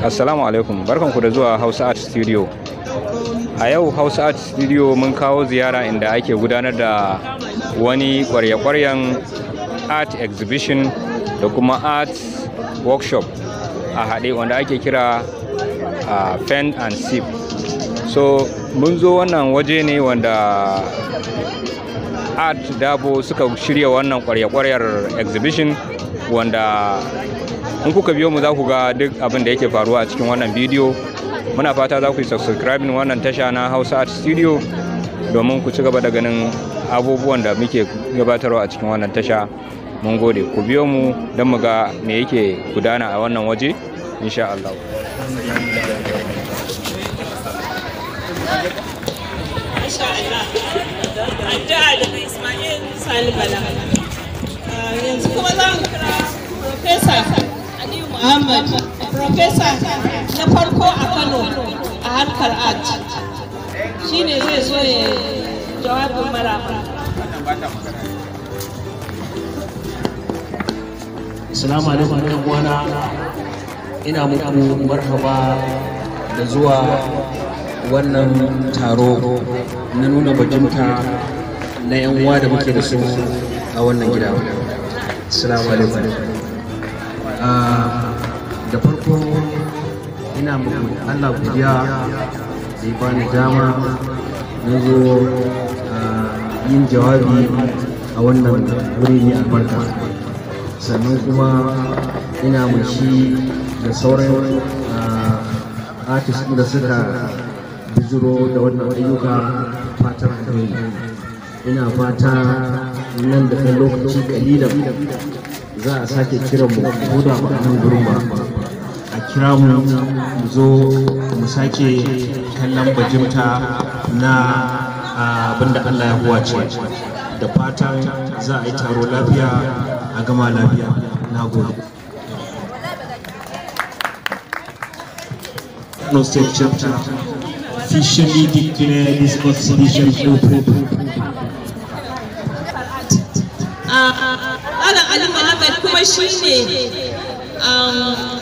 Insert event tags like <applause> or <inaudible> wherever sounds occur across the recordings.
Assalamu alaikum barkanku da zuwa Hausa Art Studio. A yau Hausa Art Studio mun kawo ziyara inda ake gudanar da wani kwarya-kwaryan art exhibition da kuma art workshop a haɗe wanda ake kira a and sip. So mun zo wannan waje ne wanda art dabo suka shirya wannan kwarya-kwaryar exhibition wanda in kuka biyo mu za ku ga duk abin da yake faruwa a cikin wannan bidiyo muna fata za ku yi subscribe wannan tasha na hausa art studio domin ku ci gaba da ganin abubuwan da muke gabatarwa a cikin wannan tasha mun gode ku biyo mu don mu ga me yake gudana a wannan waje insha Allah ah, yanzu kuma Ahmad, Profesa na farko a Kano a harkar art. Shi ne zai zo ya jawabin maraba. Assalamu alaikum ɗan uwana ina muku marhaba da zuwa wannan taro na nuna bajinta na 'yan uwa da muke da su a wannan gida. Assalamu alaikum. Ah, farko ina muku Allah godiya da ya bani dama na zo ah, yin jawabi a wannan wuri ne albarka sannan kuma ina mai da sauran ah, artist da suka bijiro da wannan ayyuka fatan alheri ina fata nan da ɗan lokaci kalilan za a sake kiran mu ko da ba a nan gurin ba kira mu zo mu sake kallon bajimta na abinda Allah ya huwace da fatan za a yi taro lafiya a gama lafiya na gobe no state chapter officially declare this constitution open. Alan Ali kuma shi ne um,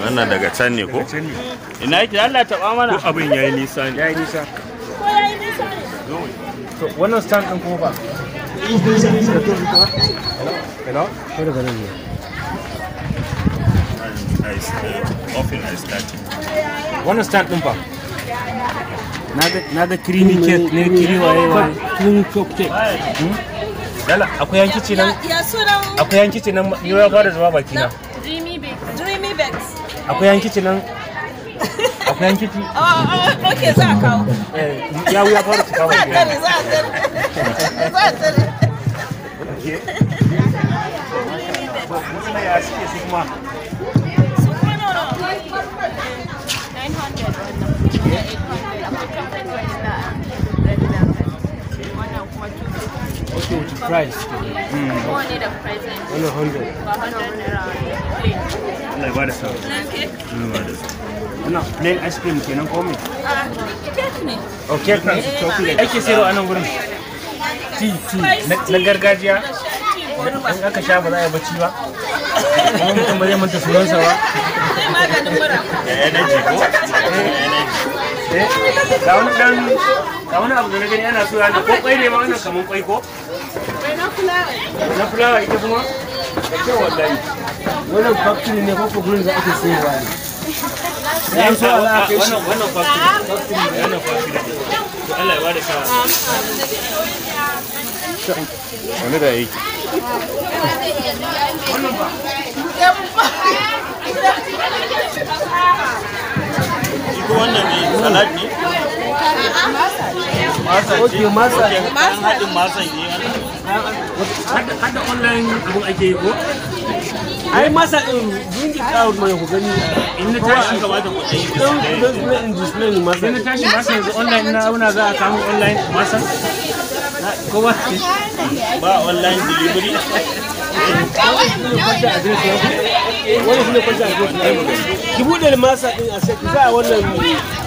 wannan daga can ne ko ina yake Allah taba mana abin yayi nisa ne yayi nisa ko yayi nisa ne to wannan stand din ko ba hello hello ko da ne wannan stand din ba na ga na creamy cake ne kiri waye waye creamy cake Lala, akwai yankici nan. Ya sunan. Akwai yankici nan ni ya fara zuwa baki na. Dreamy Akwai nan. Akwai yankici. <laughs> Oh, oh za a kawo. Eh, ya wuya fara cika baki. Za a za a Za a Ya suke <laughs> su kuma. Su kuma 900 wannan. Okay, with the price. Mm. One need a present. One hundred. One hundred da plain ice cream you call me? Uh, Definitely. Okay, oh, Ake sayarwa a nan gurin. Ti gargajiya. In aka sha ba za a yi bacci ba. ga wani abu da na gani ana soya da ko kwai ne ma wannan kwai ko na fulawa ita kuma da kyau wallahi wannan factory ne ko ko gurin da ake sayarwa ne yan so Allah aka wannan wannan factory ne wannan factory ne Allah ya bada wani da yake wannan ne salad ne Oke, masa. online ake ko? Ai masa mai ku gani. In na tashi ka Don in display masa. na tashi masa yanzu online na auna za a kamo online masa. ba online delivery. Ki masa a sai wannan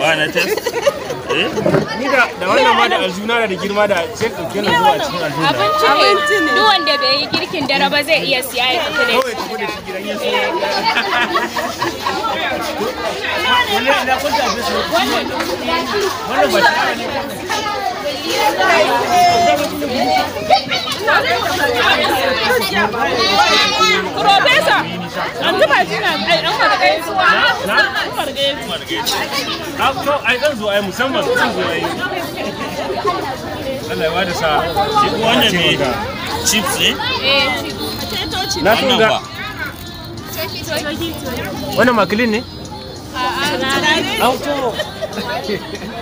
ba na test eh? ni da da wannan ma da aljuna da girma da sai dauke na zuwa cikin aljuna abinci ne duk wanda bai yi girkin dare ba zai iya siya ya tafi da shi eh. wannan ba shi Profesa, an zuba jina ai an margaye zuwa. Na? An margaye zuwa. An ah, to ai zan zo ai musamman zan zo ai. Allah ya wada sa. Shi wannan ne chips ne? Eh, eh chips. Na tunga. Wannan makilin ne? A'a, ah, ah, na. Auto. <laughs>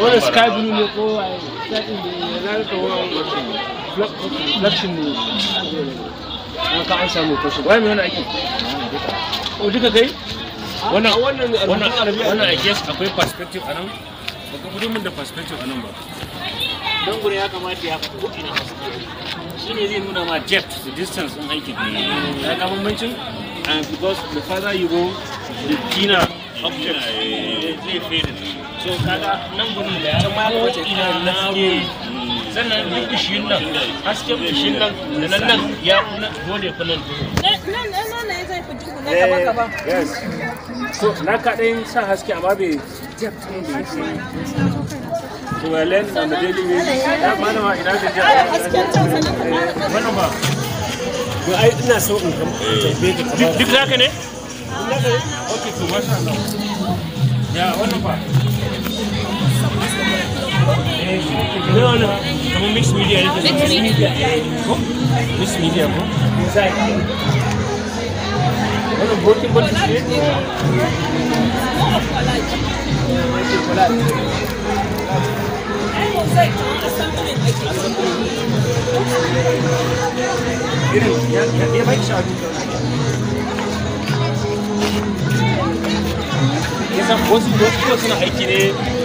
wani sky blue ne ko a yi na rika wani flakshin ne na ka an samu kwashe wani wani ake o duka kai wannan wannan a guess akwai perspective a ba ka fito min da perspective a ba don gure ya kamata ya fito ina shi ne zai nuna ma depth the distance in aikin ya ga bambancin and because the further you go the thinner object eh, zai fade so kaga nan gurin da ya ma wace ina na sannan duk nan hasken nan da nan nan ya dole eh, nan nan nan ne zai fi kaba. Eh, yes so na sa haske amma bai jab tun da shi to on the daily basis ba eh, ai ina so in tambaye No, no. a mixed media ni. Mixed media. Kok? Mixed media kok? Inside. Kalau voting buat sini. Ini, ya, ya, dia baik sah. Kita bos bos bos nak ikut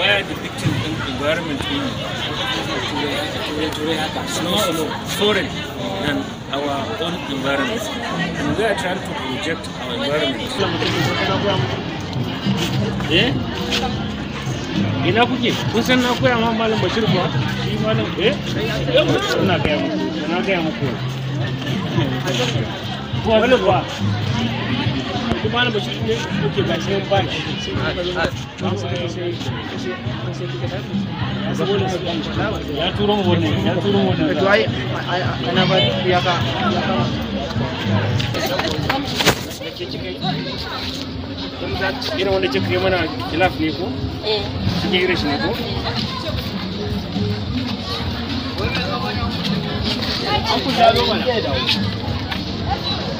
baya da victim din environment snow alone foreign than our own environment and we are trying to project our environment eh? ina kuke kun san na koya ma malam bashir kuwa shi malam eh, eh kuma na bashi ne yake ga shi ba shi da ya turo mu wannan ya turo mu wannan to ai ana ba ya ka irin wanda kika yi mana kilaf ne ko? Eh. kike shi ne ko? an kusa zo mana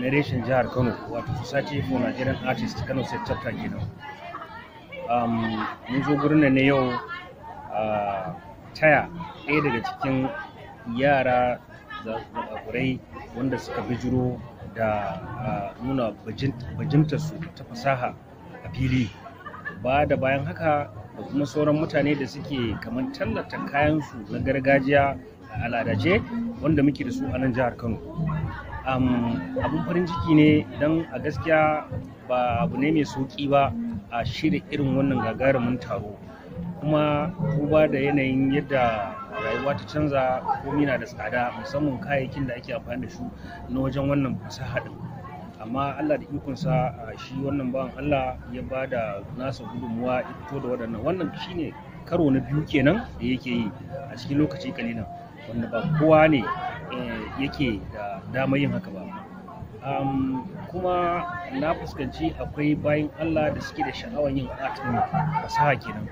na jihar kano wato society for nigerian artist kano state chapter kenan um, mun zo gurin nan ne yau taya ɗaya daga cikin yara zaɓaɓurai wanda suka bijiro da nuna su ta fasaha a fili ba da bayan haka da kuma sauran mutane da suke kamar tallata kayansu na gargajiya a al'adace wanda muke da su a nan jihar kano abun farin ciki ne don a gaskiya ba abu ne mai sauƙi ba a shirya irin wannan gagarumin taro kuma duba da yanayin yadda rayuwa ta canza komi na da tsada musamman kayayyakin da ake amfani da su na wajen wannan fasaha din amma allah da ikonsa shi wannan bawan allah ya ba da nasa gudunmuwa ya da waɗannan wannan shine karo na biyu kenan da yake yi a cikin lokaci kalilan wanda ba kowa ne eh, yake da damar yin haka ba um, kuma na fuskanci akwai bayan allah da suke da sha'awar yin art ɗin fasaha kenan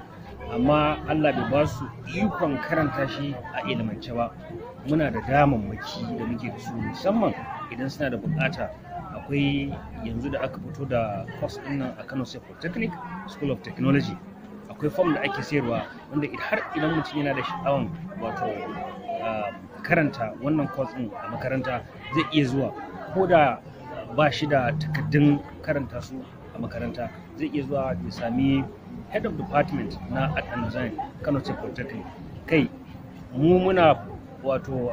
amma allah bai ba su ikon karanta shi a ilimance ba muna da maki da muke da su musamman idan suna da bukata akwai yanzu da aka fito da course ɗin nan a kano state Technic school of technology akwai fom da ake sayarwa wanda har idan mutum yana da sha'awar wato karanta wannan course din a makaranta zai iya zuwa ko da ba shi da takaddun karanta su a makaranta zai iya zuwa ya sami head of department na art and design kano state polytechnic kai mu muna wato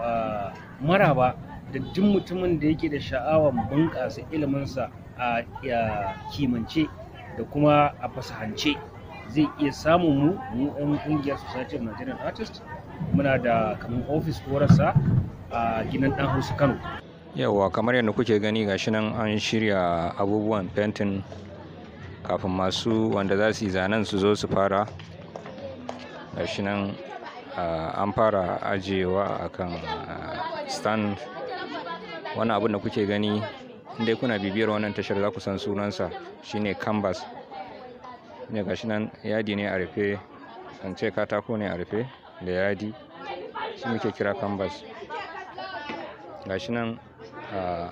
maraba da duk mutumin da yake da sha'awar bunƙasa iliminsa a kimance da kuma a fasahance zai iya samun mu mu 'yan ƙungiyar society of nigerian artists muna da kamar ofis korarsa a gidan dan hausa kano yawa kamar yadda kuke gani gashi nan an shirya abubuwan fentin kafin masu wanda za su yi zanen su zo su fara gashi nan an fara ajiyewa akan stand wani abin da kuke gani inda kuna bibiyar wannan tashar za ku san sunansa shine canvas ne gashi nan yadi ne a rufe ce katako ne a rufe da yadi shi muke kira canvas gashi nan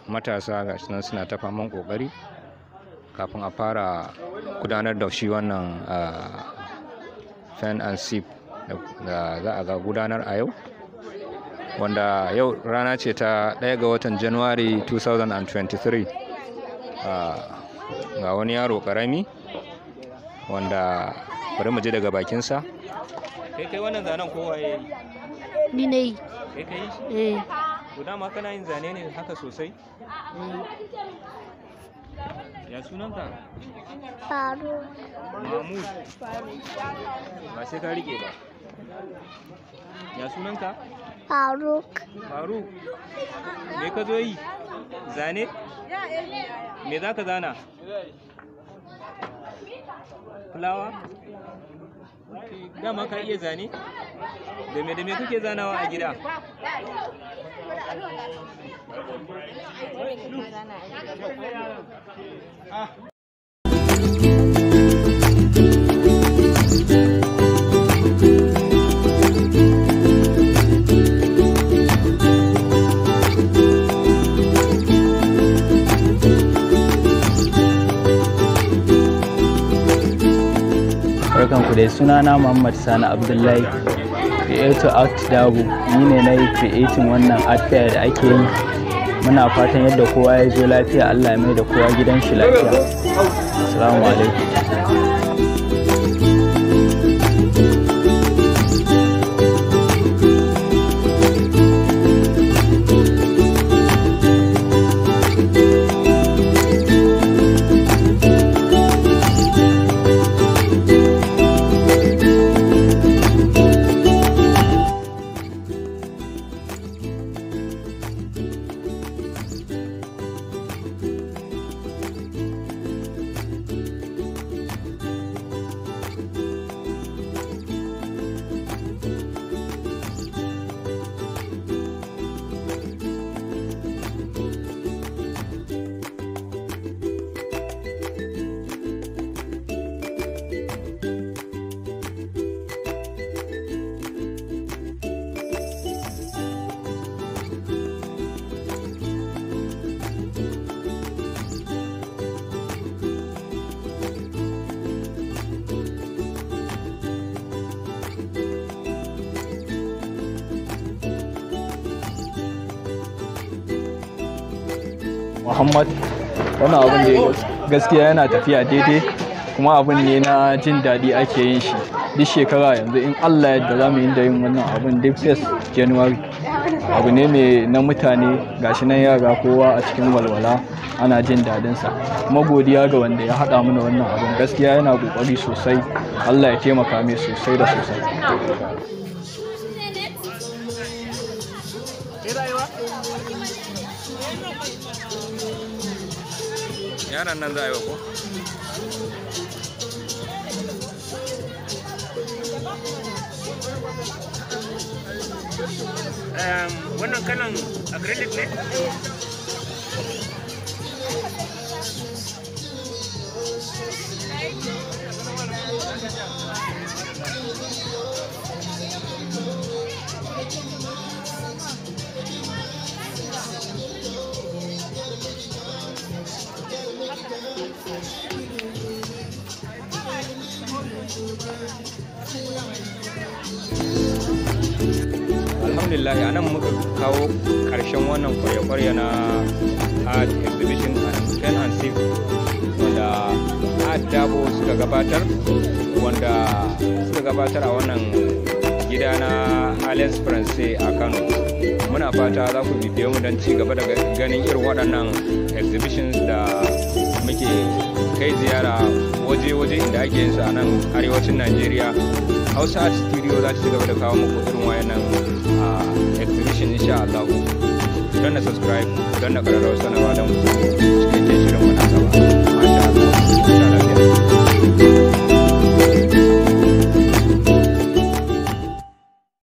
matasa gashi nan suna ta faman kokari kafin a fara gudanar da shi wannan fan and sip da za a ga gudanar a yau wanda yau rana ce ta 1 ga watan january 2023 ga wani yaro karami wanda bari mu je daga bakinsa kai kai wannan zanen kowa ya yi ni ne. yi kai kai shi eh to dama kana yin zane ne haka sosai eh. ya sunanka faru mahmud ba sai ka rike ba ya sunanka faruk faruk me ka zo yi zane me za ka zana fulawa dama ka iya zane da me da me kuke zanawa a gida ah. barkanku dai sunana Muhammad Sani Abdullahi Creator Art Dabo ni ne na yi creating wannan art fair da ake yi muna fatan yadda kowa ya zo lafiya Allah ya mai da kowa gidan shi lafiya. Assalamu alaikum. muhammad wannan abin da gaskiya yana tafiya daidai kuma abin ne na jin daɗi ake yin shi duk shekara yanzu in allah yadda za mu yi da yin wannan abin duk first january abu ne mai na mutane gashi nan yara kowa a cikin walwala ana jin daɗinsa kuma godiya ga wanda ya haɗa mana wannan abin gaskiya yana ƙoƙari sosai allah ya taimaka mai sosai da sosai Yan nan za ko. Um, ko wannan kalan acrylic ne alhamdulillah a muka kawo karshen wannan kwarya-kwarya na art exhibition and pen and wanda art dabo suka gabatar wanda suka gabatar a wannan gida na alliance france a kano muna fata za ku bibiye mu don ci gaba da ganin irin waɗannan exhibitions da muke kai ziyara waje-waje inda ake yin a nan arewacin najeriya hausa a studio za ta ci gaba da kawo muku irin wayannan a ah, insha Allah don na subscribe don na ƙararrawa sanarwa don suke shirin wani sama